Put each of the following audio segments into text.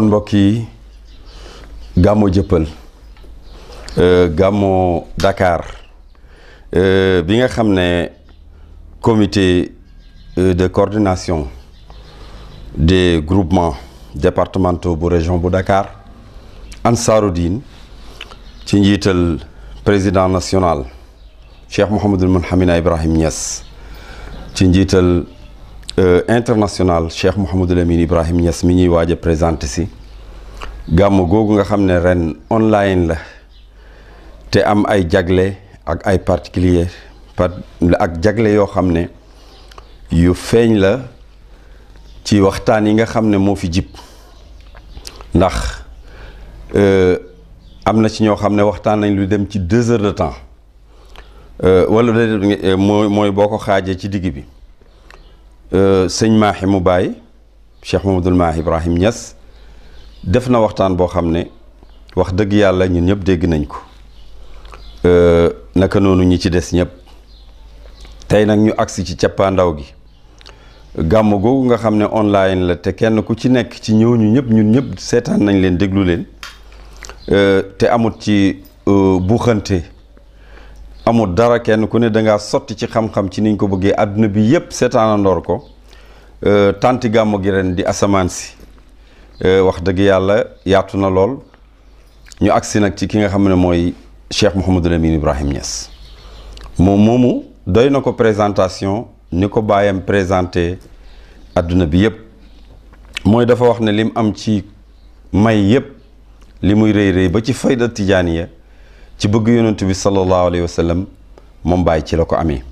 kon mbokk yi gàmmo jëppal euh, gàmmo Dakar euh, bi nga xam ne comité euh, de coordination de groupement départementaux bu région bu Dakar Ansaarudine ci njiital président national Cheikh Mouhamadul Mounhamina Ibrahim Niass ci njiital Euh, international Cheikh Mouhamadul Amine Ibrahim Niass mi ñuy waaj a si gàmm googu nga xam ne ren online la te am ay jagle ak ay particulier ak jagle yoo xam ne yu feeñ la ci waxtaan yi nga xam ne moo fi jib ndax euh, am na ci ñoo xam ne waxtaan nañ lu dem ci deux heures de temps euh, wala mooy mooy boo ko xaajee ci digg bi Euh, sëñ Mahi mu bàyyi Cheikh Mamadul Mahi Ibrahim Niass def na waxtaan boo xam ne wax dëgg yàlla ñun ñëpp dégg nañ ko euh, naka noonu ñi ci des ñëpp tey nag ñu agsi ci cappaandaw gi gàmm googu nga xam ne online la te kenn ku ci nekk ci ñëw ñu ñëpp ñun ñëpp seetaan nañ leen déglu leen euh, te amut ci buuxante amul dara kenn ku ne da ngaa sotti ci xam-xam ci niñ ko bëggee àdduna bi yépp seetaanandoor ko euh, tànti gàmmu gi ren di asamaan si euh, wax dëgg yàlla yaatu na lool ñu agsi nag ci ki nga xam ne mooy Cheikh Mouhamadul Amine Ibrahim Niass moom moomu doy na ko présentation ni ko bàyyam présenté àdduna bi yépp mooy dafa wax ne lim am ci may yépp li muy rëy rëy ba ci fay fayda yi ci bëgg yonent bi sallallahu alayhi moom bàyyi ci la ko amee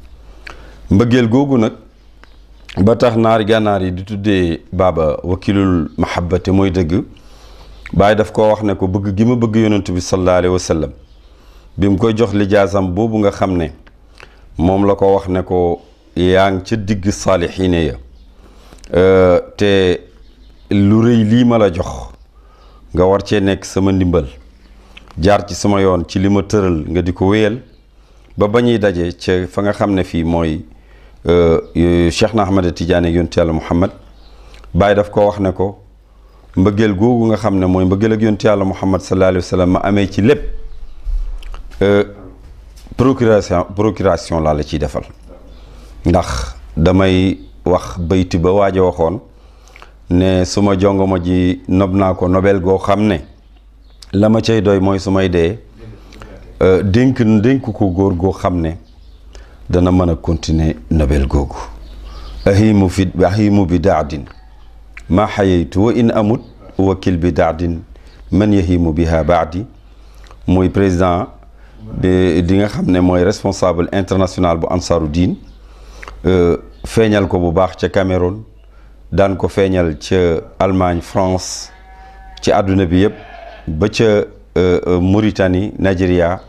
mbëggeel googu nag ba tax naari gànnaar yi di tuddee baaba wakilul mahabba te mooy dëgg bàyyi daf ko wax ne ko bëgg gi ma bëgg yonent bi sallallahu alayhi bi mu koy jox lijaasam boobu nga xam ne moom la ko wax ne ko yaa ngi ca digg saalixiine ya euh, te lu rëy lii ma la jox nga war cee nekk sama ndimbal jaar ci sama yoon ci li ma tëral nga di ko wéyal ba ba ñuy daje ca fa nga xam ne fii mooy euh, euh, Cheikh na Ahmada Tidiane yonent yàlla Muhammad Baye daf ko wax ne ko mbëggeel googu nga xam ne mooy mbëggeel ak yonent yàlla Muhammad sallallahu alayhi wa sallam ma amee ci lépp euh, procuration procuration laa la ciy defal ndax damay wax bayti ba waaj waxoon ne suma jongama ji nob naa ko nobel goo xam ne la ma cay doy mooy su may dee euh, dénk dénk ko góor goo xam ne dana mën a continuer nobel googu ahimu fi ahimu bi daadin maa xayaytu wa in amut wakil bi daadin man yahimu biha baadi muy président bi di nga xam ne mooy responsable international bu ansaaru diin euh, feeñal ko bu baax ca Cameroun daan ko feeñal ca Allemagne France ci àdduna bi yëpp ba ca euh, euh, Mauritanie Nigeria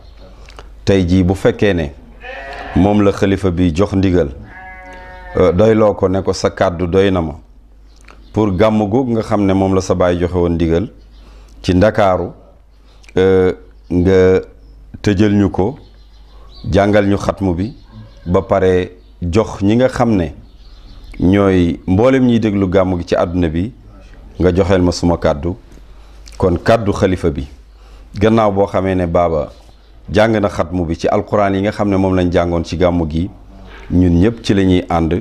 tey jii bu fekkee ne moom la xalifa bi jox ndigal euh, doyloo ko ne ko sa kàddu doy na ma pour gàmm googu nga xam ne moom la sa baay joxe woon ndigal ci ndakaaru nga tëjal ñu ko jàngal ñu xatmu bi ba pare jox ñi nga xam ne ñooy mboolem ñiy déglu gàmm gi ci àdduna bi nga joxeel ma suma kàddu kon kàddu xalifa bi gannaaw boo xamee ne baaba jàng na xatmu bi ci alkuraan yi nga xam ne moom lañ jàngoon ci gàmmu gi ñun ñëpp ci la ñuy ànd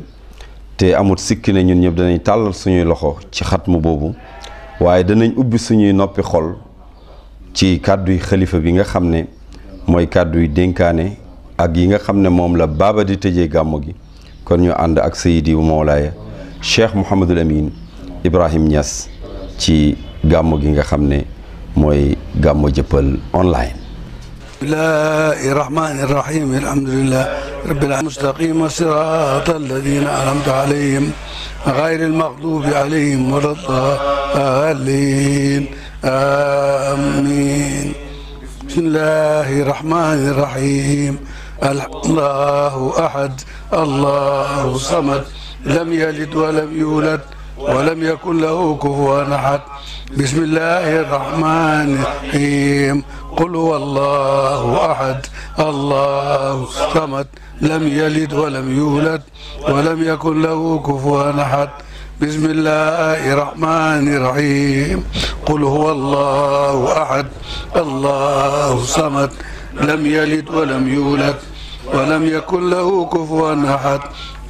te amut sikki ne ñun ñëpp danañ tàllal suñuy loxo ci xatmu boobu waaye danañ ubbi suñuy noppi xol ci kàddu yi xalifa bi nga xam ne mooy kàddu yi dénkaane ak yi nga xam ne moom la baaba di tëje gàmmu gi kon ñu ànd ak sayidi bu mawlaaya cheikh Mouhamadul Amin Ibrahim ñas ci gàmmu gi nga xam ne mooy gàmmu jëppal online bismillahi rahmani rahim alhamdulilah rabbil mustaqima sirata alladina anamta alayhim gayri almaxdubi alayhim wala dalin amin bismillahi rahmani rahim allahu ahad allahu samad lam yalid walam yulad walam yakun lahu kufuwan ahad بسم الله الرحمن الرحيم قل هو الله احد الله صمد لم يلد ولم يولد ولم يكن له كفوا احد بسم الله الرحمن الرحيم قل هو الله احد الله صمد لم يلد ولم يولد ولم يكن له كفوا احد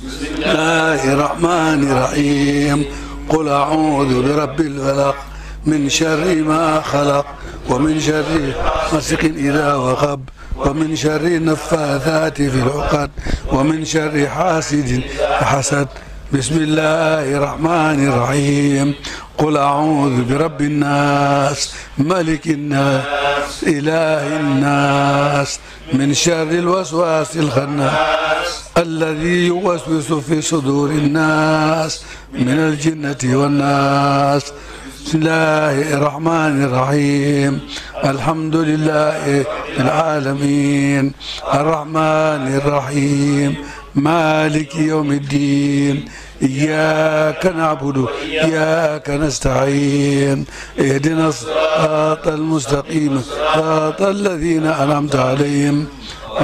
بسم الله الرحمن الرحيم قل اعوذ برب الفلق من شر ما خلق ومن شر غاسق إذا وقب ومن شر النفاثات في العقد ومن شر حاسد حسد بسم الله الرحمن الرحيم قل أعوذ برب الناس ملك الناس إله الناس من شر الوسواس الخناس الذي يوسوس في صدور الناس من الجنة والناس بسم الله الرحمن الرحيم الحمد لله العالمين الرحمن الرحيم مالك يوم الدين إياك نعبد وإياك نستعين اهدنا الصراط المستقيم صراط الذين أنعمت عليهم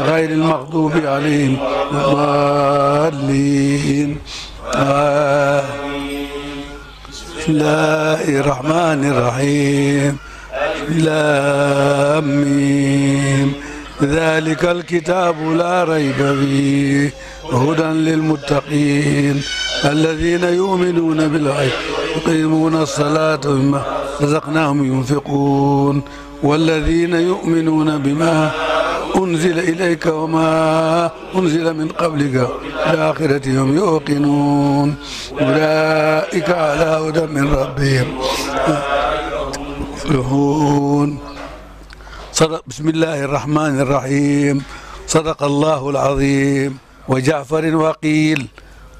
غير المغضوب عليهم الضالين آه. بسم الله الرحمن الرحيم لاميم ذلك الكتاب لا ريب فيه هدى للمتقين الذين يؤمنون بالغيب يقيمون الصلاة بما رزقناهم ينفقون والذين يؤمنون بما أنزل إليك وما أنزل من قبلك بالآخرة هم يوقنون أولئك على هدى من ربهم يفلحون صدق بسم الله الرحمن الرحيم صدق الله العظيم وجعفر وقيل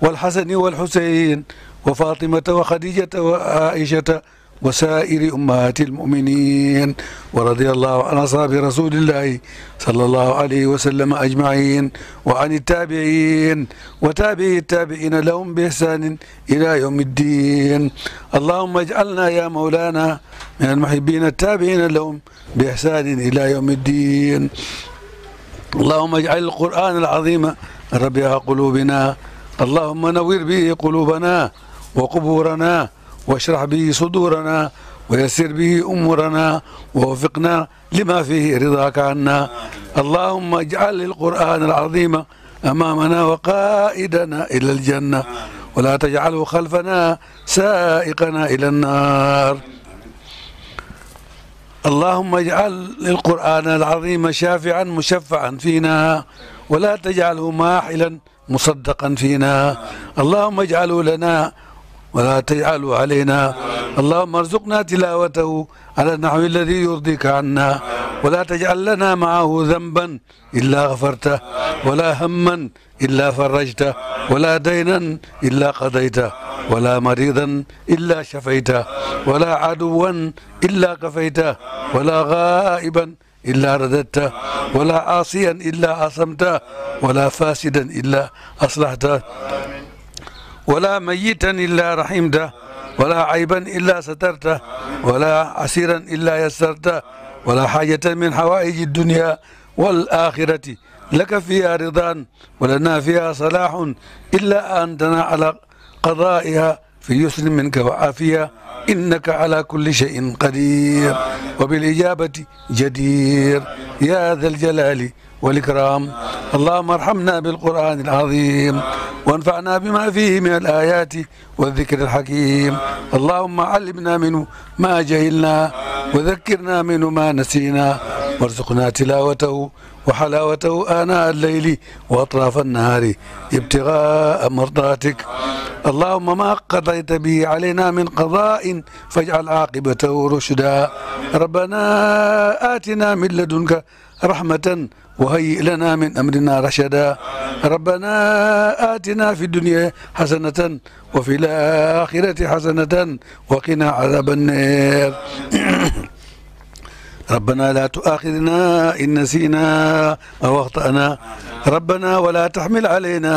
والحسن والحسين وفاطمة وخديجة وعائشة وسائر أمهات المؤمنين ورضي الله عن أصحاب رسول الله صلى الله عليه وسلم أجمعين وعن التابعين وتابعي التابعين لهم بإحسان إلى يوم الدين اللهم اجعلنا يا مولانا من المحبين التابعين لهم بإحسان إلى يوم الدين اللهم اجعل القرآن العظيم ربيع قلوبنا اللهم نوّر به قلوبنا وقبورنا واشرح به صدورنا ويسر به أمورنا ووفقنا لما فيه رضاك عنا اللهم اجعل القرآن العظيم أمامنا وقائدنا إلى الجنة ولا تجعله خلفنا سائقنا إلى النار اللهم اجعل القرآن العظيم شافعا مشفعا فينا ولا تجعله ماحلا مصدقا فينا اللهم اجعله لنا ولا تجعل علينا اللهم ارزقنا تلاوته على النحو الذي يرضيك عنا ولا تجعل لنا معه ذنبا إلا غفرته ولا هما إلا فرجته ولا دينا إلا قضيته ولا مريضا إلا شفيته ولا عدوا إلا كفيته ولا غائبا إلا رددته ولا عاصيا إلا عصمته ولا فاسدا إلا أصلحته ولا ميتا إلا رحمته ولا عيبا إلا سترته ولا عسيرا إلا يسرته ولا حاجة من حوائج الدنيا والآخرة لك فيها رضا ولنا فيها صلاح إلا أنتنا على قضائها في يسر منك وعافية إنك على كل شيء قدير وبالإجابة جدير يا ذا الجلال والإكرام اللهم ارحمنا بالقرآن العظيم وانفعنا بما فيه من الآيات والذكر الحكيم اللهم علمنا منه ما جهلنا وذكرنا منه ما نسينا وارزقنا تلاوته وحلاوته آناء الليل وأطراف النهار ابتغاء مرضاتك اللهم ما قضيت به علينا من قضاء فاجعل عاقبته رشدا ربنا آتنا من لدنك رحمة وهيئ لنا من أمرنا رشدا ربنا آتنا في الدنيا حسنة وفي الآخرة حسنة وقنا عذاب النار ربنا لا تؤاخذنا إن نسينا أو أخطأنا ربنا ولا تحمل علينا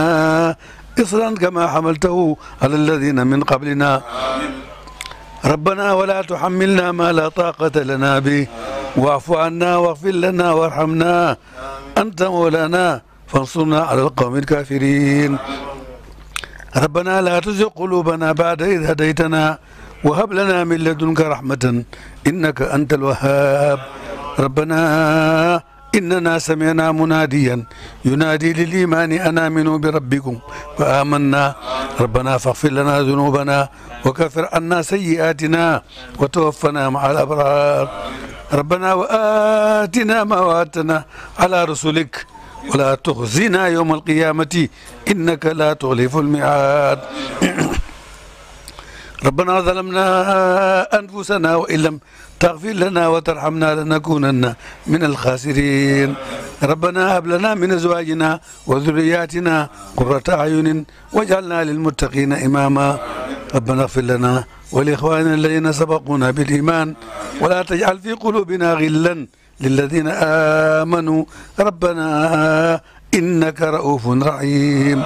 إصرا كما حملته على الذين من قبلنا ربنا ولا تحملنا ما لا طاقة لنا به واعف عنا واغفر لنا وارحمنا أنت مولانا فانصرنا على القوم الكافرين ربنا لا تزغ قلوبنا بعد إذ هديتنا وهب لنا من لدنك رحمة إنك أنت الوهاب ربنا إننا سمعنا مناديا ينادي للإيمان أن آمنوا بربكم فآمنا ربنا فاغفر لنا ذنوبنا وكفر عنا سيئاتنا وتوفنا مع الأبرار ربنا وآتنا ما وعدتنا على رسلك ولا تخزنا يوم القيامة إنك لا تخلف الميعاد ربنا ظلمنا أنفسنا وإن لم تغفر لنا وترحمنا لنكونن من الخاسرين ربنا هب لنا من أزواجنا وذرياتنا قرة أعين واجعلنا للمتقين إماما ربنا اغفر لنا ولإخواننا الذين سبقونا بالإيمان ولا تجعل في قلوبنا غلا للذين آمنوا ربنا إنك رؤوف رحيم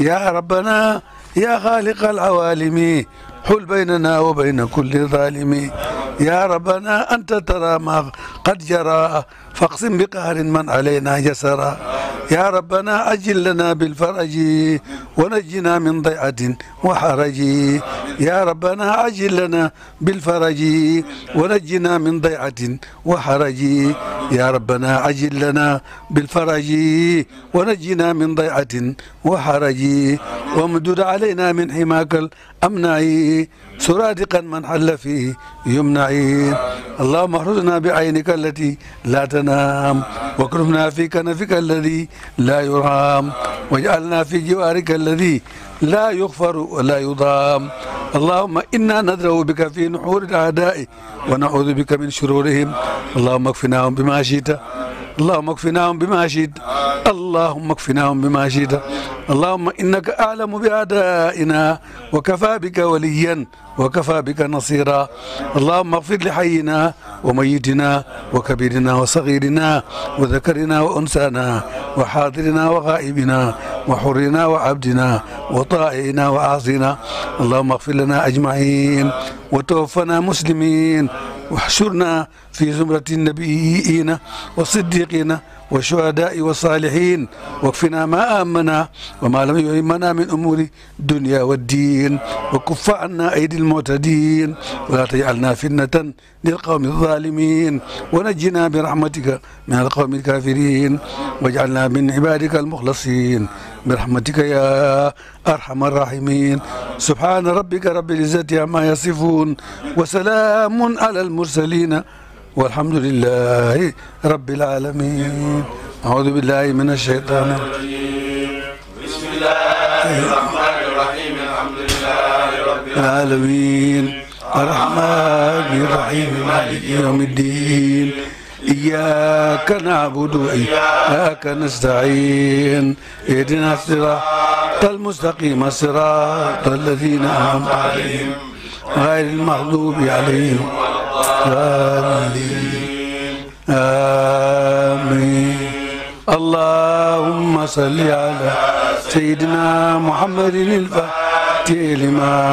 يا ربنا يا خالق العوالم حل بيننا وبين كل ظالم يا ربنا أنت ترى ما قد جرى فاقسم بقهر من علينا جسرا يا ربنا أجل لنا بالفرج ونجنا من ضيعة وحرج يا ربنا أجل لنا بالفرج ونجنا من ضيعة وحرج يا ربنا أجل لنا بالفرج ونجنا من ضيعة وحرج وامدد علينا من حماك الأمناء سرادقا من حل فيه يمنعين اللهم احرزنا بعينك التي لا تنام واكرمنا في كنفك الذي لا يرام واجعلنا في جوارك الذي لا يغفر ولا يضام اللهم إنا ندرأ بك في نحور الأعداء ونعوذ بك من شرورهم اللهم اكفناهم بما شئت اللهم اكفناهم بما شئت اللهم اكفناهم بما شئت اللهم إنك أعلم بأعدائنا وكفى بك وليا وكفى بك نصيرا اللهم اغفر لحينا وميتنا وكبيرنا وصغيرنا وذكرنا وأنسانا وحاضرنا وغائبنا وحرنا وعبدنا وطائعنا وعاصينا اللهم اغفر لنا أجمعين وتوفنا مسلمين واحشرنا في زمرة النبيين والصديقين والشهداء والصالحين واكفنا ما آمنا وما لم يهمنا من أمور الدنيا والدين وكف عنا أيدي المعتدين ولا تجعلنا فتنة للقوم الظالمين ونجنا برحمتك من القوم الكافرين واجعلنا من عبادك المخلصين برحمتك يا أرحم الراحمين سبحان ربك رب العزة عما يصفون وسلام على المرسلين والحمد لله رب العالمين أعوذ بالله من الشيطان الرجيم بسم الله الرحمن الرحيم الحمد لله رب العالمين الرحمن الرحيم مالك يوم الدين إياك نعبد وإياك نستعين اهدنا الصراط المستقيم صراط الذين أنعمت عليهم غير المغضوب عليهم آمين آمين اللهم صل على سيدنا محمد الفاتح لما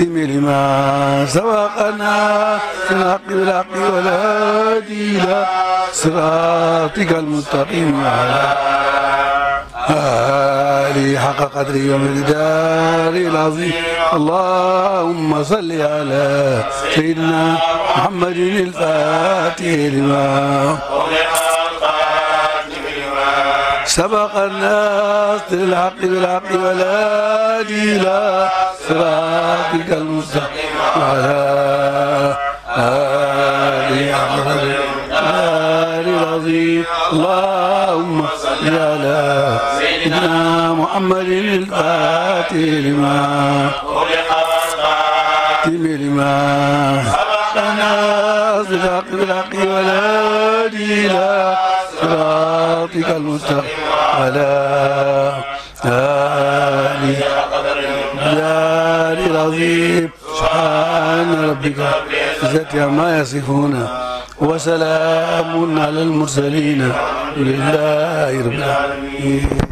الخاتم لما سبقنا الحق بالحق والهادي إلى صراطك المستقيم على آلي حق قدري ومقداري العظيم اللهم صل على سيدنا محمد الفاتح لما سبق الناس للحق بالحق ولا إلى صراطك المستقيم وعلى آل محمد آل العظيم اللهم صل على سيدنا محمد الفاتح لما خاتم لما سبق الناس للحق بالحق ولا إلى صراطك المستقيم وعلى آله جلال العظيم سبحان ربك عزة عما يصفون وسلام على المرسلين لله رب العالمين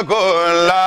يكن لا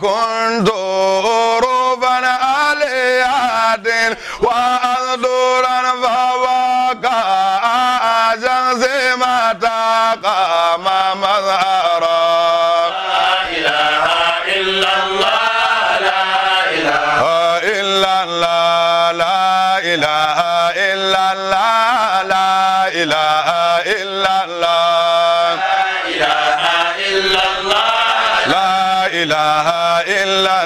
كنت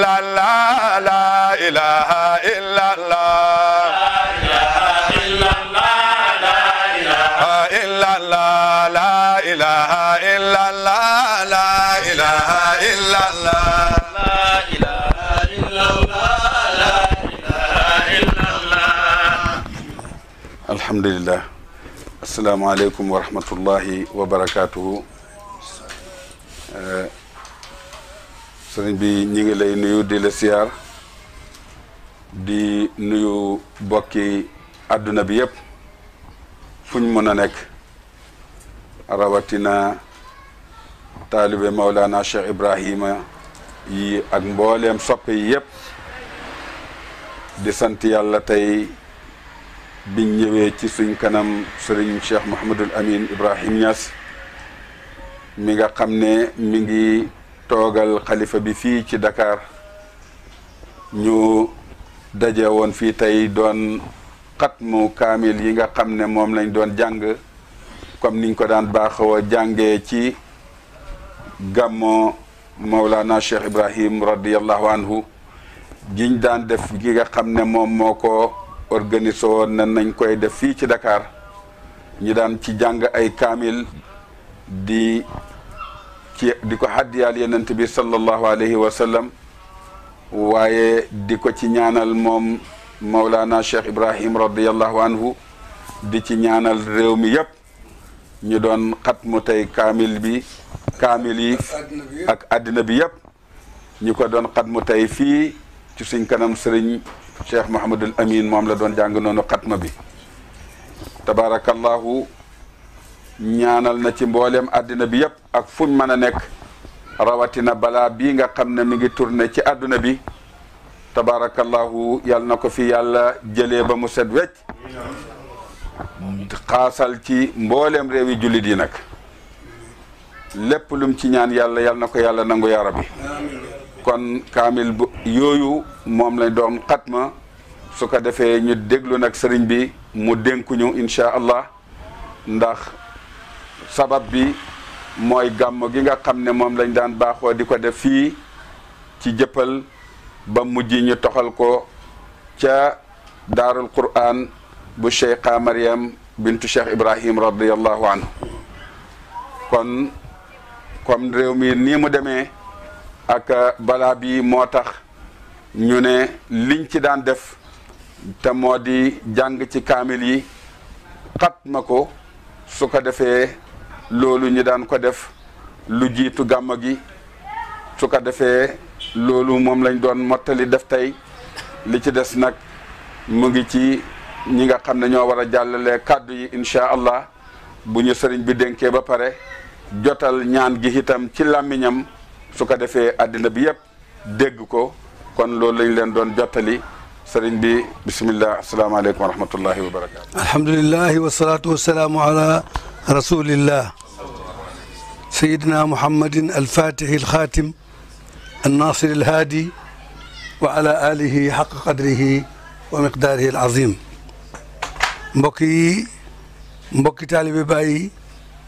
إلا الله لا إله إلا الله لا إله إلا الله لا إله إلا الله لا إله إلا الله لا إله إلا الله الحمد لله السلام عليكم ورحمة الله وبركاته sëriñ bi ñu ngi lay nuyu di la siyaar di nuyu bokki àdduna bi yépp fuñ mën a nekk rawatina taalibe Maulana Cheikh Ibrahima yi ak mbooleem soppe yi yépp di sant yàlla tey biñ ñëwee ci suñ kanam sëriñ Cheikh Mouhamadul Amin Ibrahim Niass mi nga xam ne mi ngi toogal xalifa bi fii ci Dakar ñu daje woon fii tey doon xatmu kaamil yi nga xam ne moom lañ doon jàng comme niñ ko daan baaxoo jàngee ci gàmmo Mawlana Cheikh Ibrahim radiyallahu anhu giñ daan def gi nga xam ne moom moo ko organisé woon na nañ koy def fii ci Dakar ñu daan ci jàng ay kaamil di ci di ko xaddiyaal yenent bi sallallahu alayhi wa sallam waaye di ko ci ñaanal moom Mawlana Cheikh Ibrahim radiallahu anhu di ci ñaanal réew mi yëpp ñu doon xatmu tey kaamil bi kaamil yi ak àddina bi yëpp ñu ko doon mu tey fii ci suñ kanam sëriñ Cheikh Mahamadul Amin moom la doon jàng noonu xatma bi tabarakallahu ñaanal na ci mboolem àddina bi yëpp ak fuñ mën a nekk rawatina balaa bii nga xam ne mu ngi tourné ci àdduna bi tabarakallahu yàlla na ko fi yàlla jëlee ba mu set wecc xaasal ci mboolem réew jullit yi nag lépp lum ci ñaan yàlla yàlla na ko yàlla nangu yaara bi kon kaamil yooyu moom lañ doon xatma su ko defee ñu déglu nag sëriñ bi mu dénkuñu incha allah ndax sabab bi mooy gàmm gi nga xam ne moom lañ daan baaxoo di ko def fii ci jëppal ba mujj ñu toxal ko ca daarul quraan bu cheikha mariam bintu cheikh ibrahim radiallahu anhu kon comme réew mi nii mu demee ak balaa bi moo tax ñu ne liñ ci daan def te moo di jàng ci kaamil yi xat ma ko su ko defee loolu ñu daan ko def lu jiitu gàmm gi su ko defee loolu moom lañ doon mottali def tey li ci des nag mu ngi ci ñi nga xam ne ñoo war a jàllale kàddu yi incha allah bu ñu sëriñ bi dénkee ba pare jotal ñaan gi itam ci làmmiñam su ko defee àddina bi yëpp dégg ko kon loolu lañ leen doon jottali sëriñ bi bisimilah asalaamaaleykum wa rahmatullahi wa barakaatu. alhamdulilah wasalaatu wasalaamu ala rasulillah. سيدنا محمد الفاتح الخاتم الناصر الهادي وعلى آله حق قدره ومقداره العظيم mbokk yi mbokki taalibe bàyyi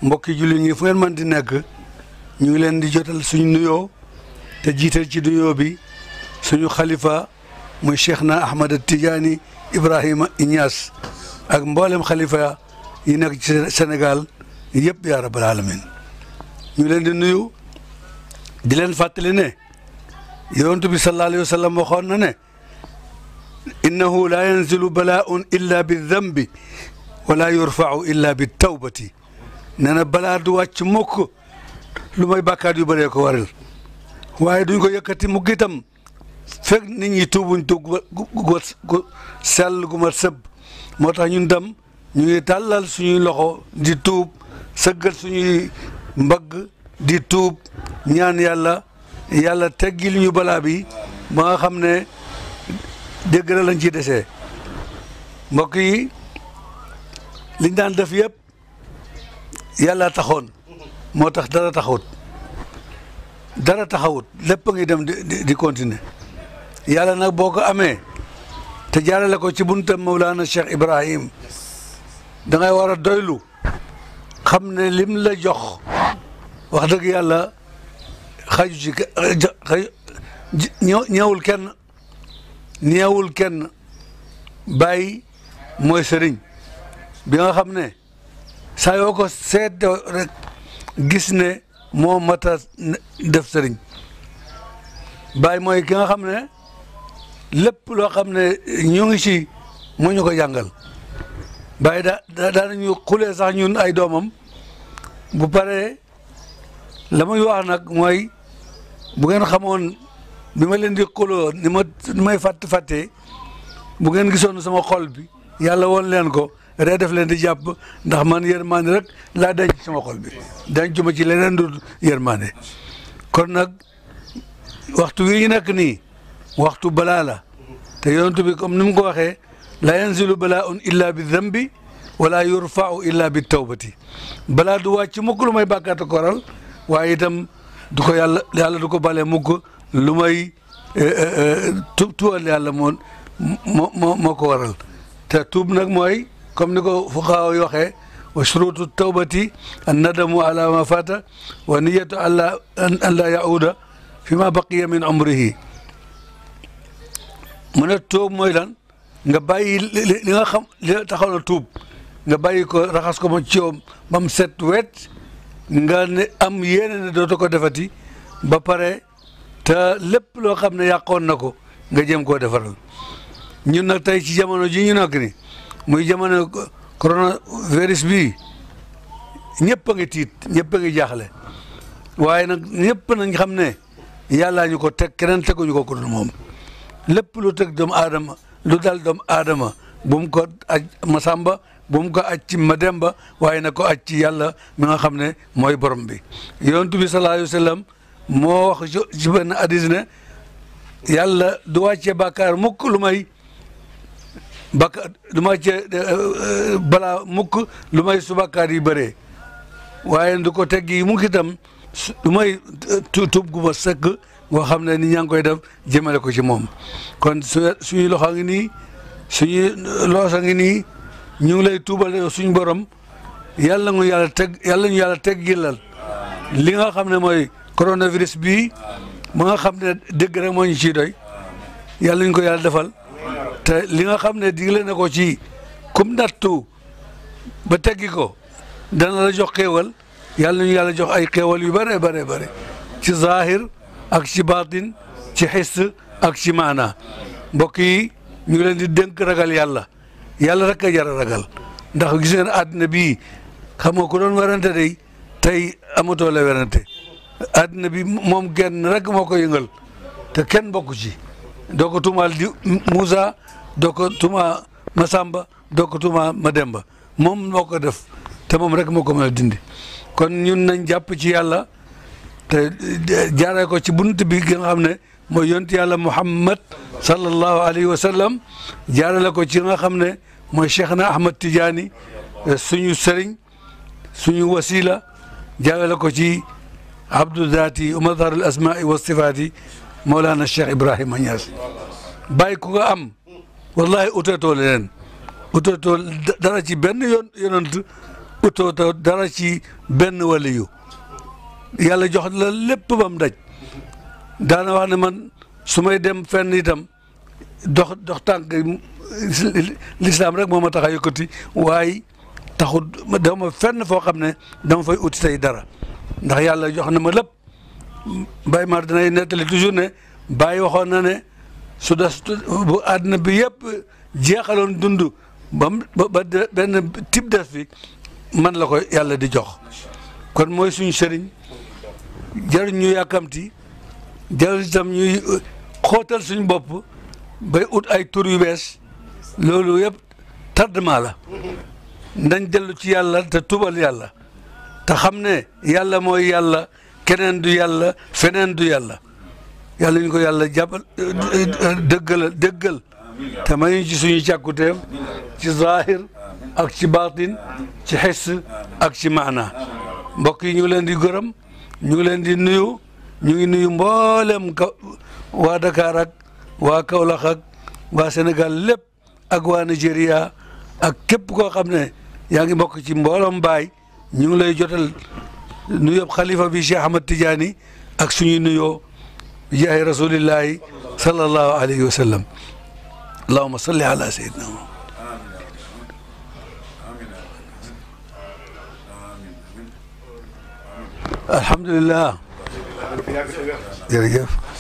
mbokki julli ñi fu ngeen mën di nekk ñu ngi leen di jotal suñu nuyoo te jiital ci nuyoo bi suñu xalifa muy cheikh na Ahmad Tidiane Ibrahima Niass ak mboolem xalifa yi nekk ci Sénégal yëpp yaa rabbal alamin ñu leen di nuyu di leen fàttali ne yonent bi sallallahu alayhi wa sallam waxoon na ne innahu laa yanzilu balaaun illa bi dambi wala yurfau illa bi tawbati nee balaa du wàcc mukk lu may bàkkaat yu bëree ko waril waaye duñ ko yëkkati mukk itam fekk nit ñi tuubuñ tuub gu gu ma sëb moo tax ñun dem ñu ngi tàllal suñuy loxo di tuub sëggal suñuy mbagg di tuub ñaan yàlla yàlla teggil ñu balaa bi ba nga xam ne dégg na lañ ciy desee mbokk yi liñ daan def yëpp yàlla taxoon moo tax dara taxawut dara taxawut lépp a ngi dem di di continuer yàlla nag boo ko amee te jaarale ko ci buntam Mawlana Cheikh Ibrahim da ngay war a doylu xam ne lim la jox wax dëgg yàlla xaju ci euh, xaju ñeewul kenn ñeewul kenn bàyyi mooy sëriñ bi nga xam ne saa yoo ko seetloo gis ne moo mat a def sëriñ bay mooy ki nga xam ne lépp loo xam ne ñu ngi ci moo ñu ko jàngal bàyyi daa daanañu sax ñun ay doomam bu paree la muy wax nag mooy bu ngeen xamoon bi ma leen di xuloo ni ma ni may fàtt fàttee bu ngeen gisoon sama xol bi yàlla wan leen ko ree def leen di jàpp ndax man yërmande rek laa denc sama xol bi dencu ma ci leneen du yërmande kon nag waxtu wi ñu nag nii waxtu balaa la te yonent bi comme ni mu ko waxee la yanzilu balaa un illa bi dambi wala yurfau illa bi tawbati balaa du wàcc mukk lu may bàkkaata ko waral waaye itam du ko yàlla yàlla ko bale mukk lu may eh, eh, eh, tuub tuwal yàlla moo moo moo ko waral te tuub nag mooy comme ni ko fuqaaw yi waxee wa shurutu tawbati an nadamu ala ma fata wa niyatu alla an la yauda fi ma baqiya min umrihi mu ne tuub mooy lan nga bàyyi li nga xam na tuub nga bàyyi ko raxas ko ma cioom ba mu set wet nga ne am yéene ne dootu ko defati ba pare te lépp loo xam ne yàqoon na ko nga jëm koo defaral ñun nag tey ci jamono ji ñu nekk ni muy jamono coronavirus bi ñëpp a ngi tiit ñëpp a ngi jaaxle waaye nag ñëpp nañ xam ne yàllaa ñu ko teg keneen teguñu ko ku moom lépp lu teg doomu aadama lu dal doom aadama bu ko aj masamba bu mu ko aj ma dem ba waaye na ko aj ci yàlla mi nga xam ne mooy borom bi yonent bi sallallahu alayhi moo wax ci na hadis ne yàlla du wàccee bàkkaar mukk lu may bàkk du wàccee euh, euh, balaa mukk lu may su bàkkaar yi bëree waaye du ko teggi mukk itam du may tuub gu ma sëkk xam ne ni ñaa ngi koy def jëmale ko ci moom kon suñuy loxo ngi nii suñuy loosa ngi nii ñu ngi lay tuubal yow suñu borom yàlla nga yàlla teg yàlla ñu yàlla teg gillal li nga xam ne mooy coronavirus bii ma nga xam ne dégg rek moo yàlla ñu ko yàlla defal te li nga xam ne digle na ko ci kum nattu ba teggi ko dana la jox xéewal yàlla ñu yàlla jox ay xéewal yu bare bare bare ci zahir ak ci baatin ci xis ak ci maana mbokk yi ñu leen di dénk ragal yàlla yàlla rek a jar ndax gis ngeen àddina bii xam nga ku doon werante day tey amatoo la werante àddina bi moom genn rek moo ko yëngal te kenn bokku ci doo ko tuumaal di Moussa doo ko tuuma Masamba doo ko Mademba moom moo ko def te moom rek moo ko mën a dindi kon ñun nañ jàpp ci yàlla te jaaree ko ci bunt bi nga xam ne mooy yonti yàlla Muhammad sallallahu alayhi wa sallam jaarale ko ci nga xam ne mooy Cheikh na Ahmad Tidiane eh, suñu sëriñ suñu wasila jaarale ko ci abdu zaati madhar al asmaai wa sifaati Mawlana Cheikh Ibrahima Niass bàyyi ku nga am wallahi utatoo leneen utatoo dara ci benn yoon yonant utatoo dara ci benn waliyu yàlla jox la lépp bam daj daana wax ne man su may dem fenn itam dox dox tànk lislaam rek moom ma tax a yëkkati waaye taxut dama fenn foo xam ne dama fay uti tey dara ndax yàlla jox na ma lépp Baye Mar danay nettali toujours ne Baye waxoon na ne su des bu àddina bi yëpp jeexaloon dund ba ba benn type des fi man la ko yàlla di jox kon mooy suñu sëriñ jaruñ ñu yàkkamti dellu itam ñuy xóotal suñu bopp bay ut ay tur yu bees loolu yëpp tardement la nañ dellu ci yàlla te tubal yàlla te xam ne yàlla mooy yàlla keneen du yàlla feneen du yàlla yàlla ñu ko yàlla jàppal dëggal dëggal te may ñu ci suñu càkkuteef ci zahir ak ci baatin ci xis ak ci maana mbokk yi ñu leen di gërëm ñu ngi leen di nuyu ñu ngi nuyu mboolem ka waa Dakar ak waa senegal ak lépp ak waa Nigéria ak képp koo xam ne yaa ngi mbokk ci mbooloom baay ñu ngi lay jotal nuyoo xalifa bi Cheikh Ahmad Tidiane ak suñuy nuyoo yaay rasulillahi sallallahu alayhi wa sallam allahuma salli ala sayyidina alhamdulillah jërëjëf.